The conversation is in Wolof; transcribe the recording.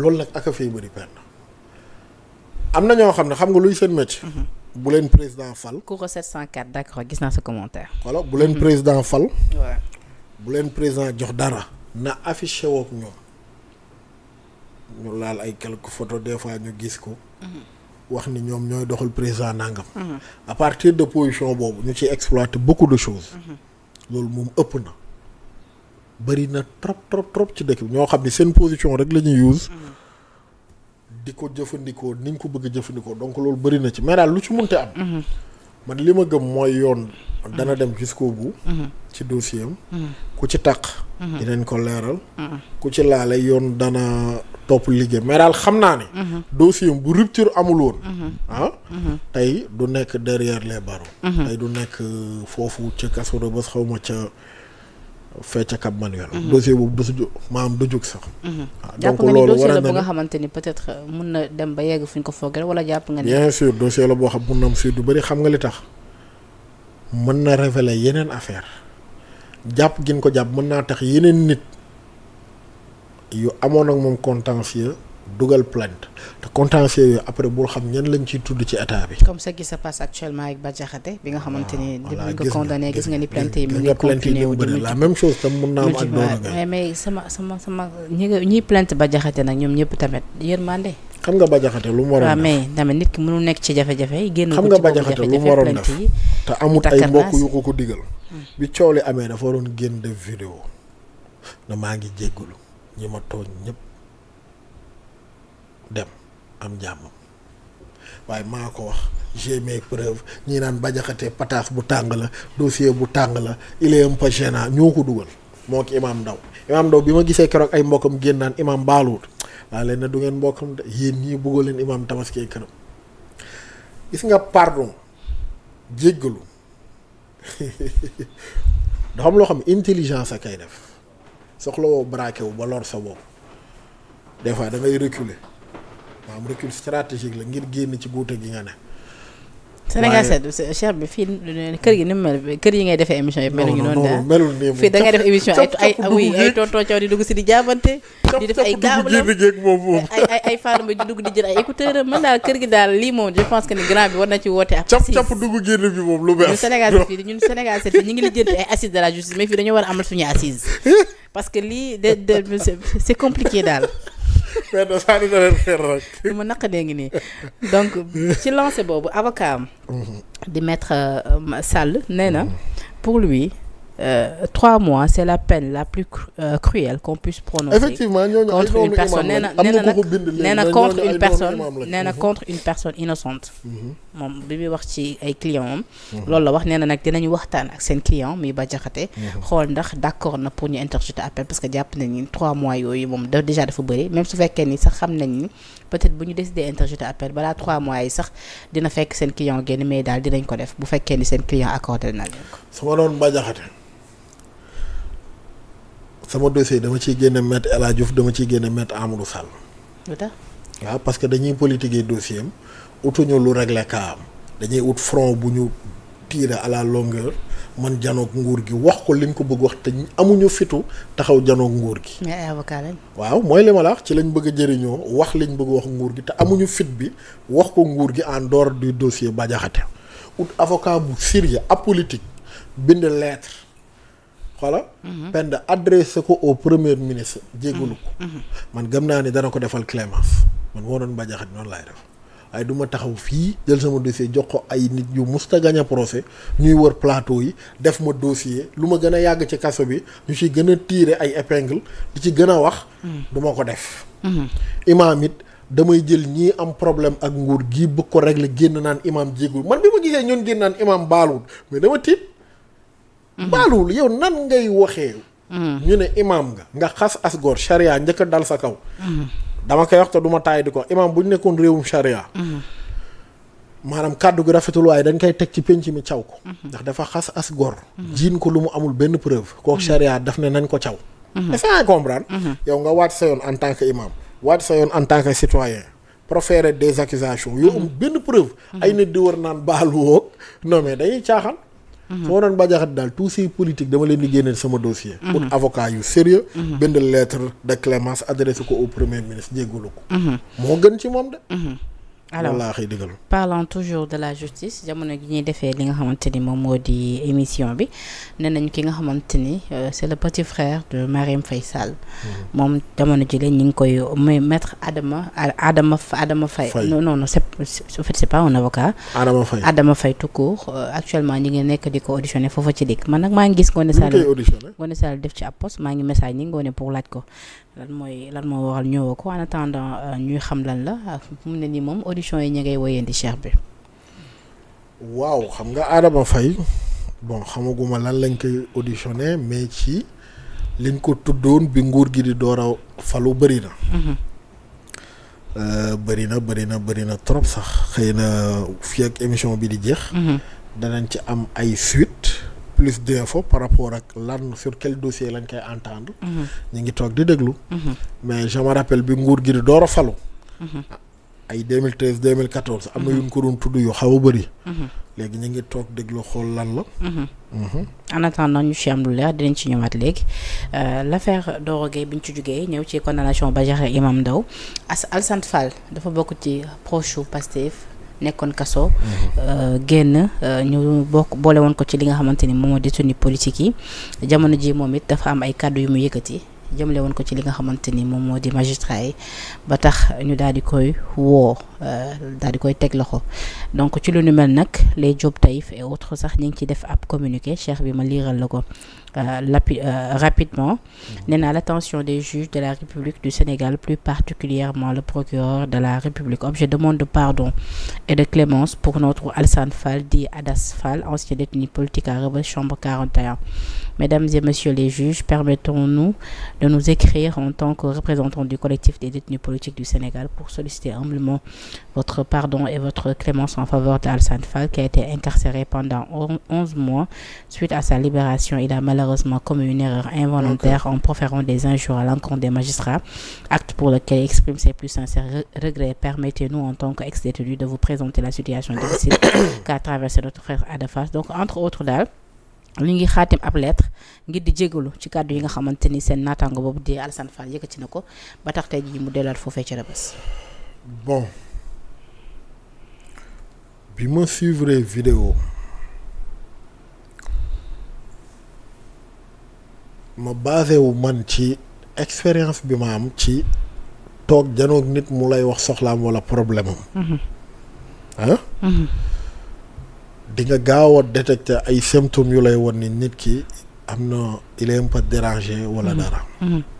loolu nag ak a fiy bëri penn am na ñoo xam ne xam nga luy seen métier. Mhm. bu leen président fal. Koura 704 d'accord gis naa sa commentaire. voilà bu leen mhm. président fal. waaw bu leen président jox dara. na affiché woog ñoom ñu laal ay quelques photos des fois ñu gis ko. Mhm. wax ni ñoom ñooy doxal président nangam. à partir de position boobu ñu ci exploiter beaucoup de choses. loolu moom ëpp na. bëri na trop trop trop ci dëkk bi ñoo xam ne seen position rek la ñuy use. Mm-hmm. di ko jëfandikoo niñ ko bëgg a jëfandikoo donc loolu bëri ci mais daal lu ci munte am. Mm-hmm. man li ma gëm mooy yoon. Mm-hmm. dana dem jusqu'au bout. ci dossier ku ci taq. dinañ ko leeral. ku ci laale yoon dana topp liggéey mais daal xam naa ne. dossier am bu rupture amul woon. ah. tey du nekk derrière les barreaux. tey du nekk euh, foofu ca kaso ba xaw ma ca. feccakat manuel. Mhm. dossier boobu du su jóg maanaam du jóg sax. war mhm. ah, na jàpp nga ni dossier la bu nga xamante ni peut-être euh, mun na dem ba yegg fu ñu ko foogee wala jàpp nga ni. bien sûr dossier la boo xam mun na am suite du bëri xam nga li tax mën na révéler yeneen affaire jàpp gin ko jàpp mën naa tax yeneen nit yu amoon ak moom contentieux dugal plainte te contentieux yooyu après bul xam ñan lañ ciy tudd ci état bi. comme ça qui se passe actuellement ak Bah Diakhaté bi nga xamante ni. Ah, voilà gis nga condamné gis nga ni plainte yi. mu ngi continué wu di la même chose tam mun naa am ak. doon mais mais sama sama sama xam nga Bah lu mu waroon def waaw mais nit ki mënul nekk ci jafe-jafe yi. génn ko ci boobu jafe-jafe plainte yi te amut ay mbokk yu ko ko digal. Hmm. bi coow amee dafa dem am jàmm waaye maa ko wax j'ai mes preuves ñii naan bajaxate pataas bu tàng la dossier bu tàng la il est un ñoo ko dugal moo ki imaam ndaw imaam ndaw bi ma gisee keroog ay mbokkam génn naan imaam baaluwut waaye leen ne du ngeen mbokkam de yéen ñii bëggoo leen imaam tabaskee këram gis nga pardon jéggalu dafa loo xam intelligence a kay def soxlawoo braqué wu ba lor sa bopp des fois da ngay reculer maanaam recul stratégique la ngir génn ci guute gi nga ne. Sénégal seet cher bi fii kër gi ni mu mel kër yi ngay defee émission yi meluñu noonu daal melul nii fii da def émission ay ay oui ay tonton di dugg si di jaabante di def ay gaabalam ay ay ay faram bi di dugg di jël ay écouteur man daal kër gi daal lii moom je pense que ni grand bi war na ci woote ab cap cap dugg génn bi moom lu bees ñun ñun Sénégal ñu ngi la justice mais fii Penda sànni na lu ma naqadee ngi nii donc ci lancé boobu avocat am. Mm-hmm. di maître euh, Sall nee na mm-hmm. pour lui. Euh, trois mois c'est la pen la plus euh, cruelle qu'on puisse prononcer contre une personne nee na na nag nee na contre une personne nee na contre une personne innocente mhm. moom bi muy wax ci ay client am mhm. loolu la wax nee na nag dinañu waxtaan ak seen client muy ba jaxate mhm. xool ndax d'accord na pour ñu interjeter appel parce que jàpp nañ ni trois mois yooyu moom da déjà bëri même su fekkee ni sax xam nañ ni peut-être bu ñu décidé interjeter appel balaa trois mois yi sax dina fekk seen client génn mais daal dinañ ko def bu fekkee ni seen client accordé na leen ko sama dossier dama ciy génne maître El Hadj Diouf dama ciy génne maître Amadou Sall. lu waaw parce que dañuy politiquer dossier am utuñu lu régler kaam dañuy ut front bu ñu tirer à la longueur man janoog nguur gi wax ko liñ ko bëgg wax te amuñu fitu taxaw janoog nguur gi. mais waaw mooy li ma la wax ci lañ bëgg a jëriñoo wax liñ bëgg wax nguur gi te amuñu fit bi wax ko nguur gi en door du dossier Bah Diakhaté ut avocat bu sérieux apolitique bind lettre. xoola mhm. Penda adressé ko au premier ministre jégalu mhm. Mhm. man gëm naa ni dana ko defal clémence man moo doon bajaxat noonu laay def waaye du ma taxaw fii jël sama dossier jox ko ay nit yu musta gañ a ñuy wër plateau yi def ma dossier lu ma gën a yàgg ci kaso bi ñu ci gën a tiire ay épingle di ci gën a wax du ko def imaam it damay jël ñii am problème ak nguur gii bëgg ko régler génn naan imaam jéegul man bi ma gisee ñun génn naan imaam baaluwut mais dama tiit Mm-hmm. baa loolu yow nan ngay waxee. Mm-hmm. ñu ne imaam nga. nga xas asgoor charia njëkk a dal sa kaw. Mm-hmm. dama koy wax te du ma taay di ko imaam bu ñu nekkoon réewum charia. maanaam kàddu gi rafetul waaye dañ koy teg ci penc mi caw ko. ndax dafa xas as gor. jiin ko lu mu amul benn preuve. kooku charia daf ne nañ ko caw. est-ce que comprendre. yow nga waat sa yoon en tant que imam. waat sa yoon en tant que citoyen. proférer des accusations. yoo benn preuve. ay nit di war naan baalu woog su mhm. ma doon bàjaaxat daal tous ces politiques dama leen di génneel sama dossier mhm. pour avocat yu sérieux mhm. bind lettre de clémence adressé ko au premier ministre jéggalu ko moo gën ci moom de alors laa xëy parlant toujours de la justice jamono gi ñuy defee li nga xamante ni moom moo di émission bi nee nañu ki nga xamante ni euh, c'est le petit frère de Marième fay Sall. Hmm. moom jamono jëlee ñu ngi koy muy maître Adama Adama Adama Faye. non non non c'est en fait c'est pas un avocat. Adama Faye Adama Faye tout court euh, actuellement ñi ngi nekk di ko auditionné foofa ci dikk man nag maa ngi gis Ngoné Sall. Ngoné Sall def ci ab poste maa ngi message ni Ngoné pour laaj ko. lan mooy lan moo waral ñëwoo ko en attendant euh, ñuy xam lan la mu ne nii moom audition yi ñu ngay woyandi Cheikh bi. waaw xam nga Adama fay bon xamaguma lan lañ koy auditionné mais ci liñ ko tuddoon bi nguur gi di doora falu bëri na. Mhm. Euh, bëri na bëri na bëri na trop sax xëy na fii ak émission bi di jeex. Mhm. danañ ci am ay suite plus d'infos par rapport ak lan sur quel dossier lañ koy entendre. Mhm. ñu ngi toog di déglu. Mhm. mais je me rappelle bi nguur gi di door a falu. Mhm. ay 2013 2014. am na yu ñu ko doon tudd yu xaw a léegi ñu ngi toog déglu xool lan la. en attendant ñu ci am lu leer dinañ ci ñëwaat léegi euh, l'affaire Doro Gueye bi ñu ci jugee ñëw ci condamnation Badiara Imam Ndao as Alassane Fall dafa bokk ci proche Pastef nekkoon kaso. Euh, génn euh, ñu bokk boole woon ko ci li nga xamante ni moom moo ni politique yi jamono ji moom it dafa am ay kàddu yu mu yëkkati. jëmale woon ko ci li nga xamante ni moom moo di magistrat ba tax ñu daal di koy woo euh, daal di koy teg loxo donc ci lu nu mel nag les Diop Taïf et autres sax ñu ngi ci def ab communiqué cheikh bi ma liiral la ko euh, lapi euh, rapidement mm-hmm. nee naa l'attention des juges de la République du Sénégal plus particulièrement le procureur de la République objet demande de pardon et de clémence pour notre Alsane Fall dit Adas Fall ancien détenu politique à Rebeuss chambre 41 mesdames et messieurs les de nous écrire en tant que représentant du collectif des détenus politiques du Sénégal pour solliciter humblement votre pardon et votre clémence en faveur d'Alsane Fall qui a été incarcéré pendant 11 mois suite à sa libération. Il a malheureusement commis une erreur involontaire en proférant des injures à l'encontre des magistrats, acte pour lequel il exprime ses plus sincères regrets. Permettez-nous en tant qu'ex-détenu de vous présenter la situation ñu ngi xaatim ab lettre ngir di jégalu ci kàddu yi nga xamante ni seen naataango boobu di Alassane Fall yëkkati na ko ba tax te jii mu delluwaat foofee ci Rebeuss. bon bi ma suivre vidéo ma basé man ci expérience bi ma am ci toog janoog nit mu lay wax soxlaam walla problème am. Mm-hmm. di nga gaaw a détecter ay symptômes yu lay won ni nit ki am na il est un peu wala mm-hmm. dara. Mm-hmm.